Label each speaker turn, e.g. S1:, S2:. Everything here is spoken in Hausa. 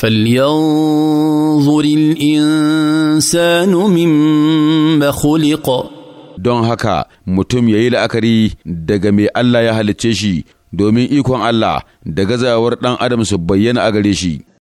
S1: فلينظر الإنسان مما خلق don haka mutum ya yi la'akari daga mai Allah ya halicce shi domin ikon Allah da gazawar ɗan adam su bayyana a gare shi.